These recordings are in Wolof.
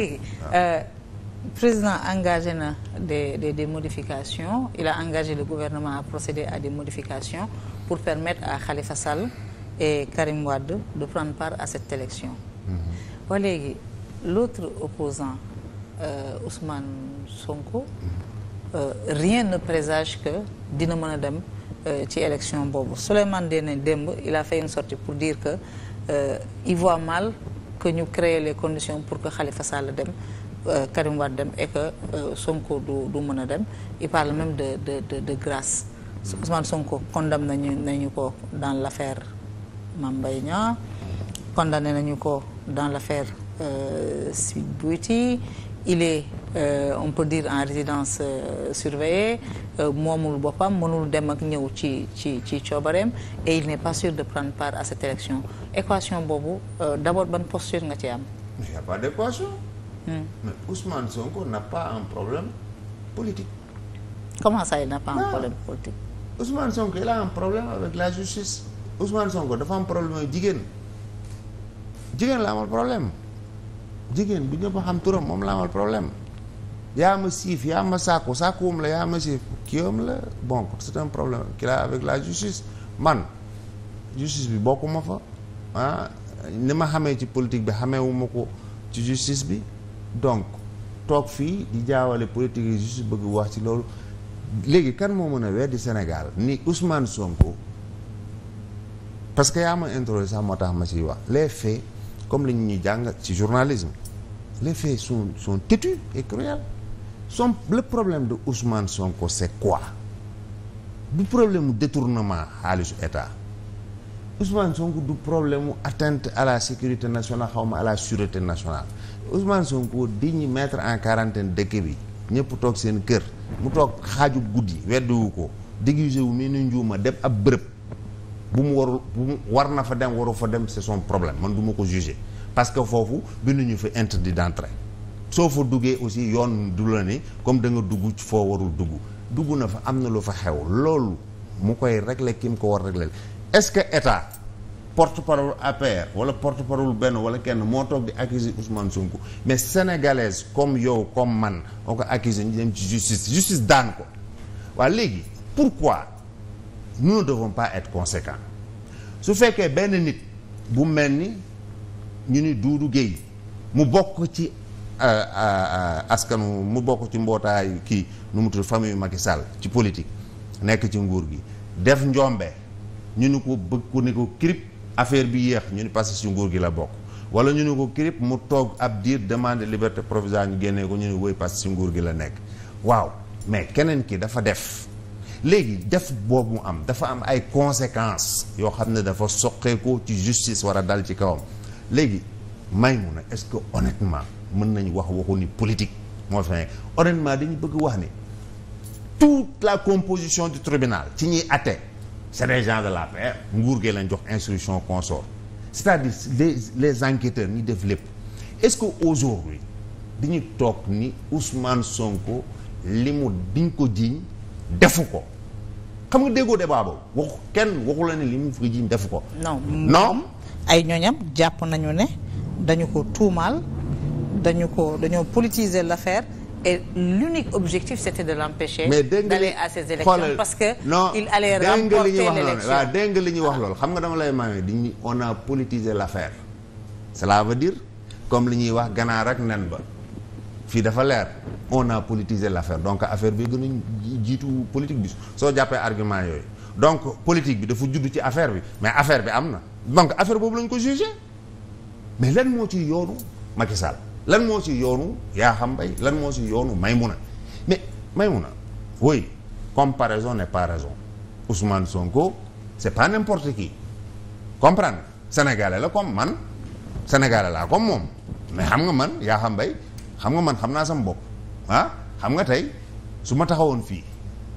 léegi ah. euh, président engagé na des, des des modifications il a engagé le gouvernement à procéder à des modifications pour permettre à Khalifa Sall et Karim Wade de prendre part à cette élection mm-hmm. ba léegi l'autre opposant euh, Ousmane Sonko mm-hmm. euh, rien ne présage que dina mën a dem euh, ci élection boobu Souleymane Ndéné démb il a fait une sortie pour dire que euh, il voit mal que ñu créer les conditions pour que Khalifa Sall dem euh, Karim Wade dem et que euh, Sonko du du mën a dem il parle même de de de de grâce Sonko condamné nañu nañu ko dans l' affaire Mame Mbaye Niang nañu ko dans l' affaire euh, Sweet Beauty il Euh, on peut dire en résidence euh, surveillée euh, moomul boppam mënul dem ak ñëw ci ci ci coobareem et il n'est pas sûr de prendre part à cette élection équation boobu d'abord ban posture nga ci am mais il n'y a pas d'équation hmm. mais Ousmane Sonko n'a pas un problème politique comment ça il n'a pas non. problème politique Ousmane Sonko il a problème avec la justice Ousmane Sonko dafa am problème jigéen jigéen la amal problème jigéen bu ñëpp xam turam moom la amal problème yaa ma siif yaa ma sàkku sàkkuwum la yaa ma siif kiiwam la bon c'est un problème qu'il a avec la justice man justice bi bokkuma fa ah ni ma xamee ci politique bi xameewuma ko ci justice bi donc toog fii di jaawale politique yi justice bëgg wax ci loolu léegi kan moo mën a weddi Sénégal ni Ousmane Sonko parce que yaa ma introduit sax moo tax ma ciy wax les faits comme li ñuy jàng ci journalisme les faits sont sont têtus et cruels son le problème de Ousmane Sonko c'est quoi du problème mu détournement xaalisu état Ousmane Sonko du problème mu atteinte à la sécurité nationale xaw ma à la sûreté nationale Ousmane Sonko di ñu en quarantaine dëkk bi ñëpp toog seen kër mu toog xaaju guddi weddiwu ko déguisé wu mii ni njuuma dem ab bërëb bu mu warul bu mu war na fa dem waru fa dem c'est son problème man du ma ko juger parce que foofu ñu fi interdit d'entrée soo fa duggee aussi yoon du la ne comme danga nga dugg foo warul dugg dugg na fa am na lu fa xew loolu mu koy régler ki mu ko war régler est-ce que état porte-parole APR wala porte-parole benn wala kenn moo toog di accuser Ousmane Sonko mais sénégalaise comme yow comme man oo ko accuser ñu dem ci justice justice daan ko waaye léegi pourquoi nous ne devons pas être conséquents su fekkee benn nit bu mel ni ñu ni duudu Gueye mu bokk ci askanu mu bokk ci mbootaay kii nu mu tudd famille Macky ci politique nekk ci nguur gi def njombe ñu ni ko bëgg ko ni ko kirip affaire bi yéex ñu ni parce que ci nguur gi la bokk wala ñu ni ko kirip mu toog ab diir demande liberté provisoire ñu génnee ko ñu ni woy parce que ci nguur gi la nekk waaw mais keneen ki dafa def léegi def boobu mu am dafa am ay conséquences yoo xam ne dafa soqeekoo ci justice war a dal ci kawam léegi may mu na est-ce que honnêtement mën nañu wax waxu ni politique moo fi nekk honnêtement dañu bëgg wax ni tout la composition du tribunal ci ñuy atte c'est des gens de la paix nguur gee lañ jox instruction consort c'est-à-dire les les enquêteurs ñi def lépp est-ce que aujourd'hui dañu toog ni Ousmane Sonko li mu diñ ko jiiñ defu ko xam nga déggoo de boobu waxu kenn waxu la ne li mu ko jiiñ defu ko non non ay ñooñam jàpp nañu ne dañu ko tuumaal dañu ko dañoo politiser l'affaire et l'unique objectif c'était de l'empêcher d'aller à ces élections parce que non il allait remporter l'élection waaw dégg nga li ñuy wax loolu xam nga dama lay maamee diñu on a politisé l'affaire cela veut dire comme li ñuy wax ganaar ak nen ba fii dafa leer on a politisé l'affaire donc affaire bi gën a jiitu politique bi soo jàppee argument yooyu donc politique bi dafa judd ci affaire bi mais affaire bi am na donc affaire boobu lañ ko jugé mais lan moo ci yoonu Macky Sall lan moo si yoonu yaa xam bay lan moo si yoonu Maymuna mais Maymuna oui comparaison n'est pas raison Ousmane Sonko c'est pas n'importe qui comprendre sénégalais la comme man sénégalais laa comme moom mais xam nga man yaa xam bay xam nga man xam naa sama bopp ah xam nga tey su ma taxawoon fii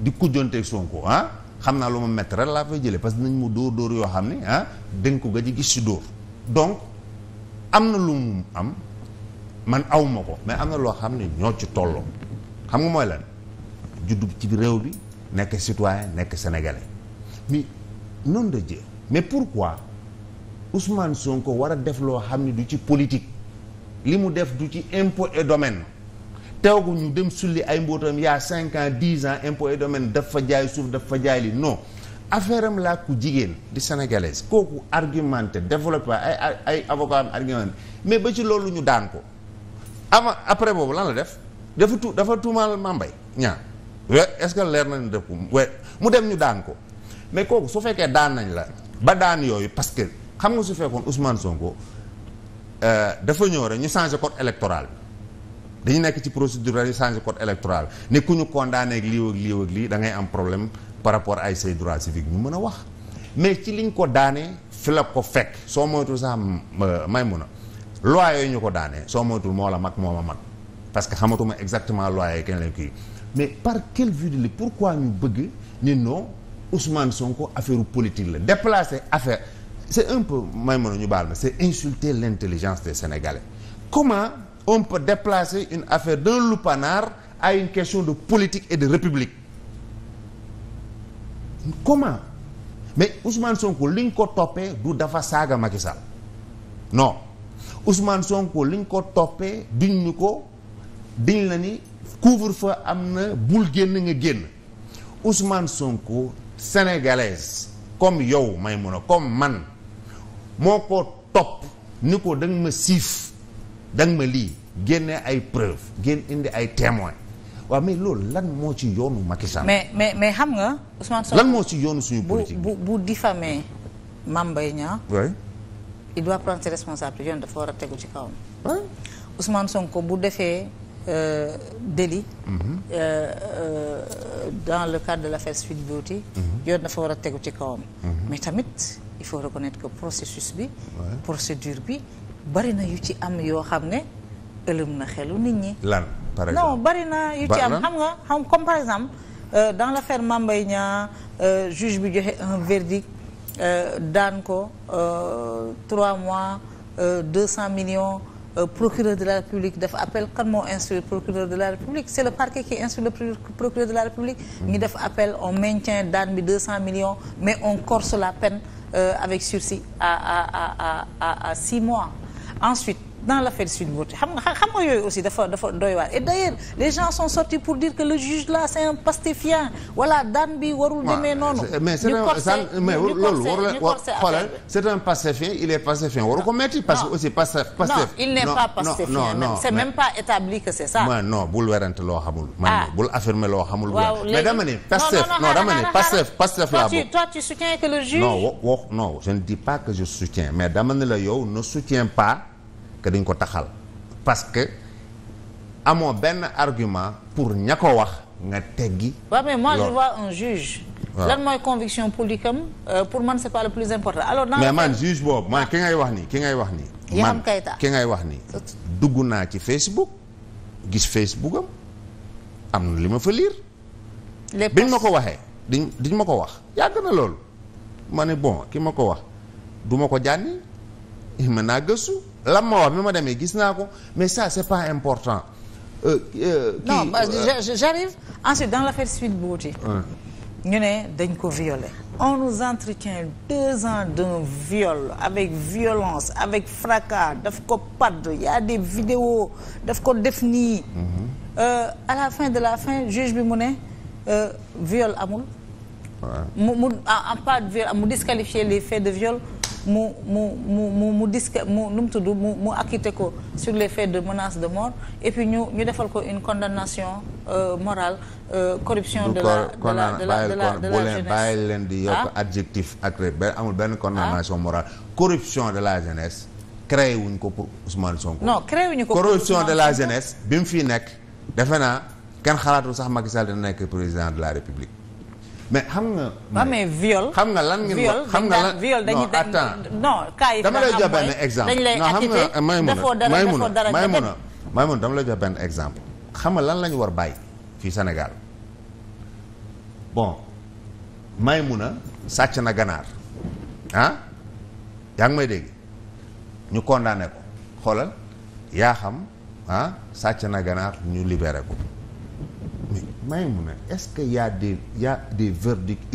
di kujjonteeg Sonko ah xam naa lu ma métti rek laa fay jëlee parce que nañ mu dóor dóor yoo xam ne ah dénku ga ji gis si dóor donc am na lu mu am man aw ko mais am na loo xam ne ñoo ci tolloo xam nga mooy lan juddu ci réew bi nekk citoyen nekk sénégalais mi noonu de Dieu mais pourquoi Ousmane Sonko war a def loo xam ne du ci politique li mu def du ci impôt et domaine teew ñu dem sulli ay mbootam yaa cinq ans dix ans impôt et domaine daf fa jaay suuf daf fa jaay li non affaire am laa ku jigéen di sénégalaise kooku argumente développé ay ay avocat am argumenté mais ba ci loolu ñu daan ko avant après boobu lan la def dafa tu dafa tuumaal mambay ñaa we est-ce que leer nañ dëpp mu dem ñu daan ko mais kooku su fekkee daan nañ la ba daan yooyu parce que xam nga su fekkoon Ousmane Sonko euh, dafa ñëw rek ñu changé code électoral bi dañu nekk ci procédure dañu changé code électoral ne ku ñu condamné ak lii ak lii ak lii da ngay am problème par rapport ay say droits civiques ñu mën a wax mais ci liñ ko daanee fi la ko fekk soo moytu sax euh, may mun a loi yooyu ñu ko daanee soo moytul moo la mag moo ma mag parce que xamatuma exactement loi yi kenn lañ kii mais par quelle vue de li pourquoi ñu bëgg ni non Ousmane Sonko affaire politique la déplacer affaire c'est un peu may mën ñu baal ma c'est insulter l'intelligence des Sénégalais comment on peut déplacer une affaire d'un lupanar à une question de politique et de république comment mais Ousmane Sonko li ñu ko toppee du dafa saaga Macky Sall non Ousmane Sonko liñ ko toppee diñ ñu ko diñ la ni couvre-feu am na bul génn nga génn Ousmane Sonko sénégalaise comme yow Maïmouna comme man moo ko topp ni ko da ma siif dang ma lii génne ay preuve génn indi ay témoins waaw mais loolu lan moo ci yoonu Macky Sall. mais mais mais xam nga Ousmane Sonko lan moo ci yoonu suñu politique bu bu diffamé Mame Mbaye Niang. il doit prendre ses responsabilités yoon dafa war a tegu ci kawam. Ah. Ousmane Sonko bu defee euh, délit. Mhm. Euh, euh, dans le cadre de l' affaire Sweet Beauty. Mhm. yoon dafa war a tegu ci kawam. Mhm. mais tamit il faut reconnaître que processus bi. Ouais. procédure bi bari na yu ci am yoo xam ne ëlëm na xelu nit ñi. lan par yu ci am xam nga xam comme par exemple euh, dans l' affaire Mame Mbaye juge bi joxe un verdict. Euh, daan ko euh, trois mois euh, deux cent millions procureur de la république def appel kan moo instruire procureur de la république c'est le parquet qui instruit le procureur de la république ñu def appel on maintient daan bi deux cent millions mais on corse la peine avec sursis à à à à à six mois ensuite dans la Sweet Beauté xam nga xam nga yooyu aussi dafa dafa doy waar et d'ailleurs les gens sont sortis pour dire que le juge là c'est un pastéfien voilà daan bi warul demee noonu mais c'est mais loolu warul xoolal c'est un pastéfien il est pastéfien waru ko metti parce que aussi pastef pastef non il n'est pas pastéfien non c'est même pas établi que c'est ça non bul werante loo xamul man ah. bul affirmer loo xamul mais dama ne pastef non dama ne que le juge non je ne dis pas que je soutiens mais dama ne la yow ne soutiens pas que duñ ko taxal parce que amoo benn argument pour ña ko wax nga teggi. waaw mais moi je vois un juge. lan mooy conviction politique am euh, pour man c'est pas le plus important mais man juge boobu man ah. ki ngay wax nii ki ngay wax nii. man ki ngay wax nii. dugg naa ci Facebook gis Facebook am am na li ma fa lire. bañ ma ko waxee diñ diñ ma ko wax yàgg na loolu. ma ne bon ki ma ko wax du ko jànni mën naa gëstu. lam ma wax bi ma demee gis naa ko mais ça c'est pas important. Euh, euh, qui, non bah, euh, j'arrive ensuite dans l'affaire Sweet Beauty. ñu ne dañ ko violer on nous entretient deux ans d'un viol avec violence avec fracas daf ko padd y a des vidéos daf ko def nii mm-hmm. euh, à la fin de la fin juge bi mu ne euh, viol amul mu mu ah, en pas de viol mu disqualifier les faits de viol mu mu mu mu mu disque mu nu mu tudd mu mu acquitté ko sur les faits de menace de mort et puis ñu ñu defal ko une condamnation euh, morale euh, corruption de la de la de jeunesse bàyyi leen di yokk ah. adjectif ak benn amul benn condamnation ah. morale corruption de la jeunesse créé wuñ ko pour Ousmane Sonko. non créé wuñu corruption de la jeunesse bi mu fi nekk defe naa kenn xalaatul sax Macky Sall dina nekk président de la République. mais xam nga. waaw mais xam nga lan ngeen xam nga lan viol dañuy non cas yi dama exemple dañ lay attité dafoo dara dafoo dara may mun a may mun dama lay jox benn exemple. xam nga lan la ñu war bàyyi fii senegal bon may mun a sàcc na ganaar ah yaa ngi may dégg ñu condamné ko xoolal yaa xam ah sàcc na ganaar ñu libéré ko. Maïmouna est-ce que y a des y a des verdicts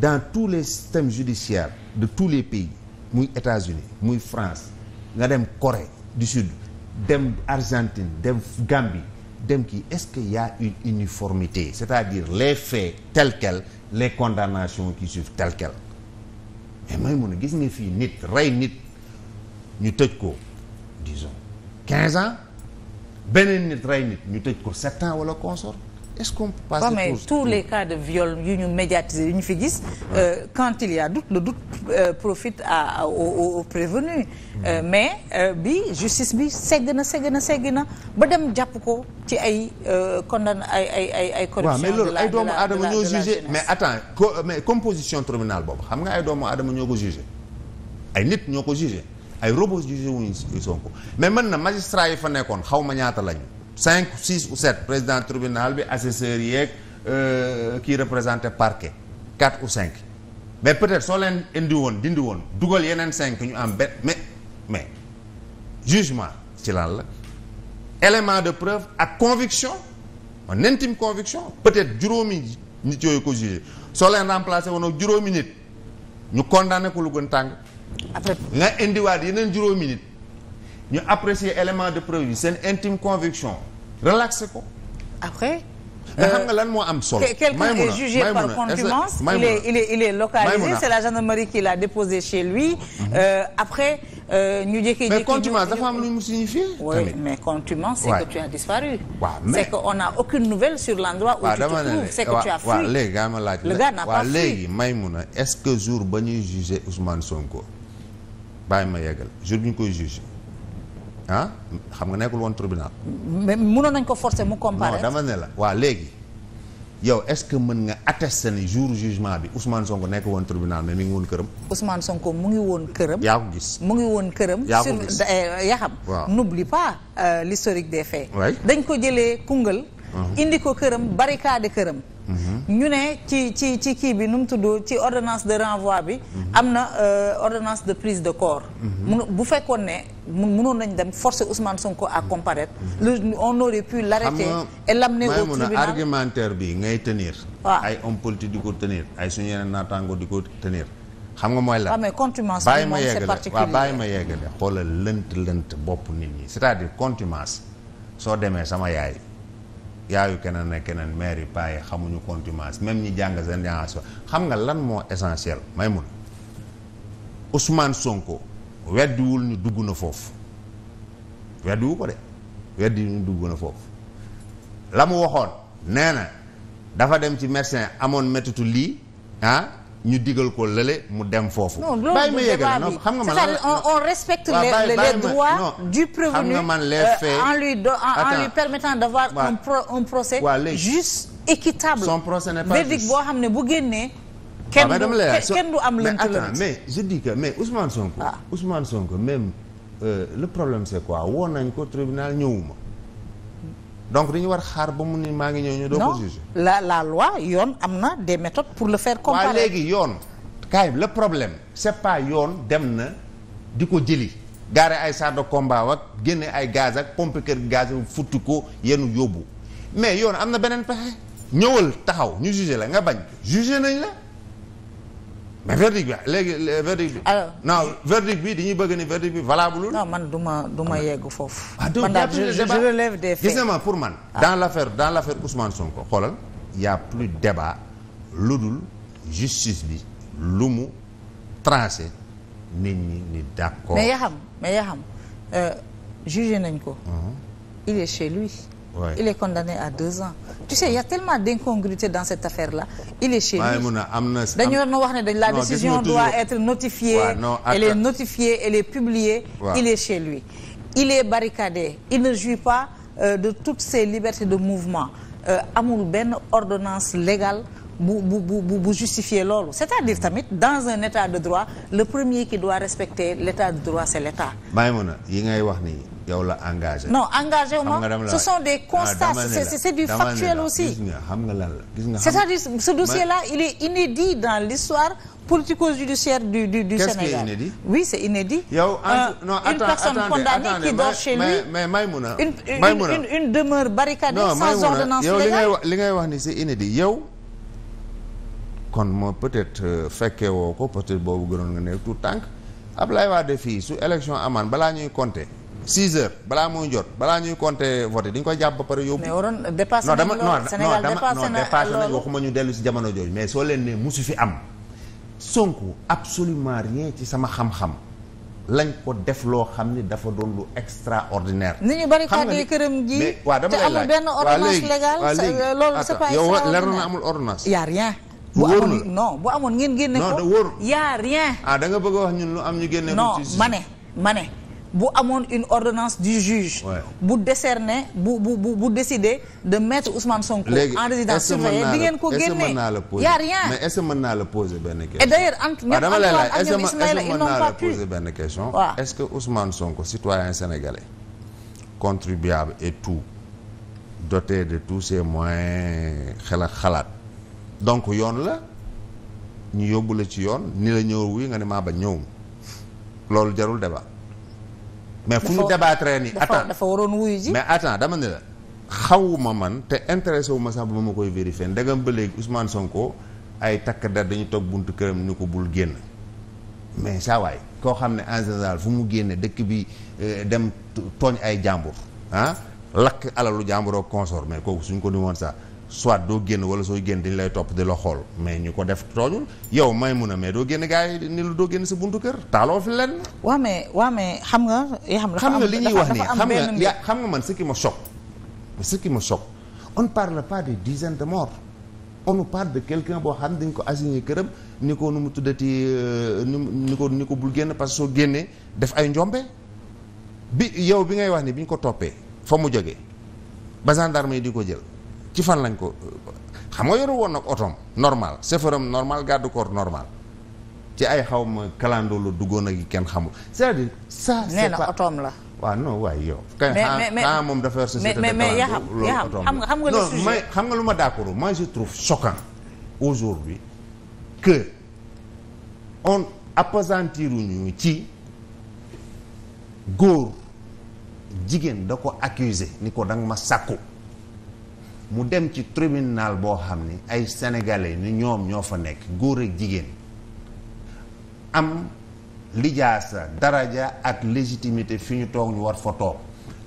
dans tous les systèmes judiciaires de tous les pays muy États-Unis muy France nga dem coré du Sud dem Argentine dem Gambie dem ki est-ce que y a une uniformité c'est-à-dire les faits tels quels les condamnations qui suivent telles quelles mais Maïmouna gis nga fii nit rey nit ñu tëj ko disons beneen nit rey nit ñu tëj ko sept ans wala consort est-ce qu'on peut passer mais tous les cas de viol yu ñu médiatisé yu ñu fi gis euh, quand il y doute le doute euh, profite à, à au, prévenu euh, mais euh, bi justice bi segg na segg na segg na ba dem jàpp ko ci ay condamné ay ay ay ay corruption mais loolu ay doomu aadama ñoo jugé mais attends mais composition tribunal boobu xam nga ay doomu adama ñoo ko jugé ay nit ñoo ko jugé ay robots jugé wuñu Sonko mais mën na magistrat yi fa nekkoon xaw ma ñaata lañu cinq six ou sept président tribunal bi assesseurs yeeg euh, kii représenté parquet quatre ou cinq mais peut-être soo leen indi woon dindi woon dugal yeneen cinq ñu am benn mais mais jugement ci lan la élément de preuve ak conviction en intime conviction peut-être juróomi nit yooyu ko jugé soo leen remplacé woon ak juróomi nit ñu condamné ko lu gën tàng après nga indiwaat yeneen juróomi nit ñu apprécier élément de preuve yi seen intime conviction relaxé ko. après. mais xam nga euh, lan moo am solo. quelqu'un est jugé par contumace il est localisé c'est la gendarmerie qui l'a déposé chez lui. Mhm. Euh, après euh, ñu jékki-jékki. mais dafa am lu mu signifié. tamit mais contumace c'est que tu as disparu. c'est que on n'a aucune nouvelle sur l'endroit où tu te trouves c'est que tu as fui. waaw léegi ma laaj le gars n'a pas fui. léegi est-ce que jour ba ñuy jugé Ousmane Sonko. bàyyi ma yeggal jour bi ñu koy juge ah xam nga nekkul woon tribunal. mais mënoon nañ ko forcer mu comparer. non dama ne la waa léegi yow est-ce que mën nga attester ni jour jugement bi Ousmane ko nekk woon tribunal mais mi ngi woon këram. Ousmane Sonko mu ngi woon këram. yaa ko gis mu ngi woon këram. yaa ko gis sur eh, yaxam. waaw n'oublie pas euh, l'historique de faits. dañ ko jëlee Koungheul. Uh-huh. indi ko këram barricade këram. ñu ne ci ci ci kii bi nu mu tudd ci ordonnance de renvoi bi. Mhm. am na euh, ordonnance de prise de corps. Mhm. bu fekkoon ne mënoon nañ dem force Ousmane Sonko à mhm. comparaître. le on aurait pu la et l'amener au tribunal argumentaire bi ngay tenir. waaw ay hommes politiques di ko tenir ay suñu yeneen naataango di ko tenir. xam nga mooy la waaw ah, mais contumace bàyyi ma yeggale waaw bàyyi ma yeggale xoolal lënt lënt bopp nit ñi c'est-à-dire contumace soo demee sama yaay. yaayu keneen ak keneen maire yi paa yi xamuñu contimence même ñi jàng génération xam nga lan moo essentiel may mun Ousmane Sonko weddiwul ñu dugg na foofu weddiwu ko de weddi ñu dugg na foofu la mu waxoon nee na dafa dem ci médecin amoon méttitu lii ah ñu digal ko lële mu dem foofu. bàyyi ma yegale non xam nga man on respecte les droits du prévenu euh, en lui en lui permettant d'avoir un procès juste équitable. son procès n'est pas juste boo xam ne bu génnee. Ah, kenn du am lënt mais je dis que mais son Ousmane Sonko. Ah. Ousmane Sonko même euh, le problème c'est quoi woo nañ ko tribunal ñëwuma. donc dañuy war xaar ba mu ni maa ngi ñëw ñu doo ko juger la la loi yoon am na des méthodes pour le faire comparer waaw léegi yoon kaay le problème c'est pas yoon dem na di ko jëli gaare ay char de ak génne ay gaz ak pompe kër gaz futti ko yenu yóbbu mais yoon am na beneen pexe ñëwal taxaw ñu juger la nga bañ juger nañ la mais verdict bi léegi verdict bi. alors non verdict bi dañuy bëgg ni verdict bi valable. non man du ma du ah, ma yegg foofu. ah donc je je relève des faits. gis pour man. Ah. dans l' affaire dans l' affaire Ousmane Sonko xoolal. y' a plus débat lu dul justice bi lu mu tranché nit ñi ni d' accord. mais yaa xam mais yaa xam euh, jugé nañ ko. il est chez lui. Ouais. il est condamné à deux ans tu sais il y a tellement d'incongruité dans cette affaire là il est chez lui dañu doon wax ne la décision doit être notifiée ouais, non, elle est notifiée elle est publiée ouais. il est chez lui il est barricadé il ne jouit pas euh, de toutes ses libertés de mouvement euh, amul benn ordonnance légale bu bu bu bu justifier loolu c'est-à-dire tamit dans un état de droit le premier qui doit respecter l'état de droit c'est l'état. Maïmouna yi ngay wax nii yow la engagé. non engagé wu ce sont des constats ah, c'est du factuel aussi. la gis nga. c'est-à-dire ce dossier là il est inédit dans l'histoire politico-judiciaire du Sénégal. oui c'est inédit. yow euh, une personne condamnée qui dort chez lui mais Maïmouna. une une demeure barricadée sans ordonnance légale. yow li ngay wax li ngay wax ni c'est inédit yow. kon moo peut-être euh, fekkee woo ko peut-être boobu gënoon tout tànk Ablaye Wade fii su élection amaan balaa 6 heures balaa mooy jot balaa ñuy compter vote dañ koy jàpp ba pare yóbbu. mais waroon dépassé nañ loolu Sénégal dépassé waxuma ñu dellu si jamono jooju mais soo leen ne musu fi am. Sonko absolument rien ci sama xam-xam lañ ko def loo xam ni dafa doon lu extraordinaire. ni ñu bari kàddu yi këram ji. te amul benn ordonnance légale. Euh, loolu leer na amul ordonnance. y rien. wóor la non bu amoon ngeen génne ko. non wóor y a rien. ah da nga bëgg a wax ñun lu am ñu génne. ko ci ma ne ma ne. bu amoon une ordonnance du juge. bu décerner bu bu bu bu décider de mettre son Sonko. en résidence surveillée di ngeen ko mën naa la poser benn question. et d' ailleurs am ñoom am na woon ak ñoom Ismaïla ils n' ont pas pu benn question. est ce que Ousmane Sonko citoyen sénégalais contribuable et tout doté de tous ses moyens xel xalaat donc yoon la ñu yóbbu la ci yoon ni la ñëw wi nga ne maa ba ñëw loolu jarul débat. mais fu ñu débattre ni attends dafa waroon wuyu ji mais attends dama ne la xawuma man te intéressé wu ma sax ba ma koy vérifier ndegam ba léegi Ousmane Sonko ay takk der dañu toog buntu këram ñu ko bul génn mais saa waay koo xam ne en général fu mu génne dëkk bi euh, dem tooñ ay jàmbur ah lakk alalu jàmburoo consort mais kooku suñ ko di woon sax soit doo génn wala soo génn dañ lay topp di la xool mais ñu ko def tooñul yow may mun a mais doo génn gaa yi ni lu doo génn sa buntu kër taaloo fi lenn. waaw mais waaw mais xam nga. xam nga li ñuy wax nii xam nga xam nga man ce ma me choque. ma qui me choque on ne parle pas de dizaines de morts on nous parle de quelqu'un boo xam dañ ko assigné këram ni ko nu mu tuddati euh, ni ko ni ko bul génn parce que soo génnee def ay njombe bi yow bi ngay wax ni bi ñu ko toppee fa mu jógee ba yi di ko jël. ci fan lañ ko xam nga yoru woon nag otoom normal chauffeuram normal garde corps normal ci ay xaw ma kalandoo la duggoon ak yi kenn xamul c'est-à-dire ça c'est pas otoom la waaw non waaye yow kay xanaa moom dafa yor société de loolu otoom la non mais xam nga lu ma d'accord moi je trouve choquant aujourd'hui que on appesantiruñu ci góor jigéen da ko accuser ni ko danga ma sàkku mu dem ci tribunal boo xam ni ay sénégalais ni ñoom ñoo fa nekk góor ak jigéen am lijaasa daraja ak légitimité fi ñu toog ñu war fa toog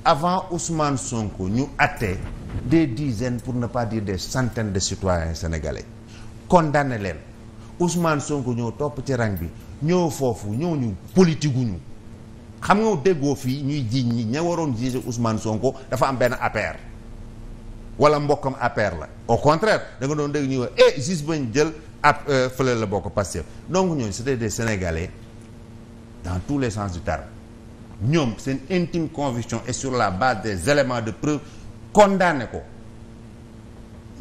avant Ousmane Sonko ñu atte des dizaines pour ne pas des centaines de citoyens sénégalais condamné leen Ousmane Sonko ñëw topp ci rang bi ñëw foofu ñëw ñu politiguñu xam nga déggoo fii ñuy jiiñ ñi ña waroon jige Ousmane Sonko dafa am benn APR wala mbokkam APR la au contraire da nga doon dégg ñuy wax eh juste ñu jël ab euh, fële la bokk Pastef donc ñooñu c'était des Sénégalais dans tous les sens du terme ñoom seen intime conviction et sur la base des éléments de preuve condamné ko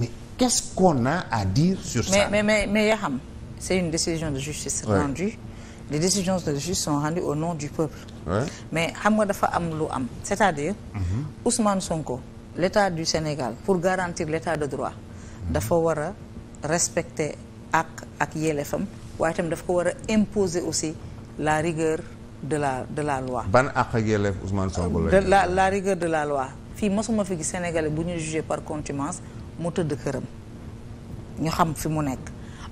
mais qu'est-ce à dire sur mais, ça mais mais yaa xam c'est une décision de justice ouais. rendue les décisions de justice sont rendues au nom du peuple mais xam nga dafa am lu am c'est-à-dire mm -hmm. Ousmane l'état du Sénégal pour garantir l'état de droit dafa war a respecter ak ak yelleefam waaye itam daf ko war a imposer aussi la rigueur de la de la loi. ban ak ak yelleef Ousmane Sonko la. la la rigueur de la loi fi mosuma fi gis Sénégalais bu ñu jugé par contumace mu tëdd këram ñu xam fi mu nekk.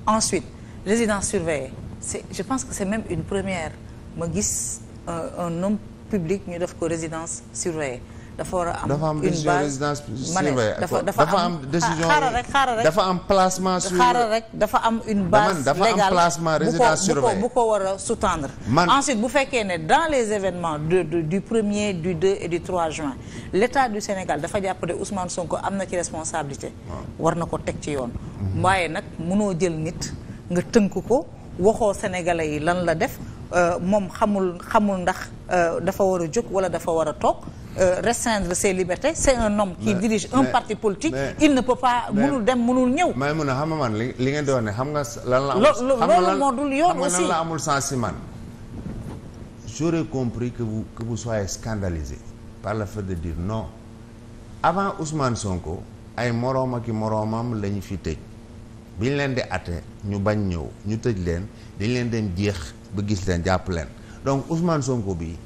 ensuite résidence surveillée c'est je pense que c'est même une première ma gis un euh, un homme public ñu def ko résidence surveillée. dafa war a am. dafa am décision résidence surveillée dafa dafa am décision ah, xaaral rek xaaral rek dafa am placement. sur xaaral rek dafa am bu ko war a sous-tendre ensuite bu fekkee ne dans les événements de du premier du 2 et du 3 juin l'état du Sénégal dafa jàpp ne Ousmane Sonko am na ci responsabilité. war na ko teg ci yoon. waaye nag mënoo jël nit nga tënk ko waxoo sénégalais yi lan la def euh, moom xamul xamul ndax euh, dafa war a jóg wala dafa war a toog. Euh, restreindre ses libertés c'est un homme qui dirige un parti politique il ne peut pas mënul dem mënul ñëw mais mun a xam li li ngeen doon ne xam nga lan la loolu moo xam nga lan la amul sens si man j'aurais compris que vous que vous par la fait de dire non avant Ousmane Sonko ay moroom ak moroomam la ñu fi tëj bi ñu leen di atte ñu bañ ñëw ñu tëj leen dañ leen dem jeex ba gis leen jàpp leen donc Ousmane Sonko bi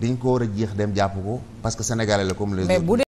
dañ ko war a jeex dem jàpp ko parce que sénégalais la comme les autres.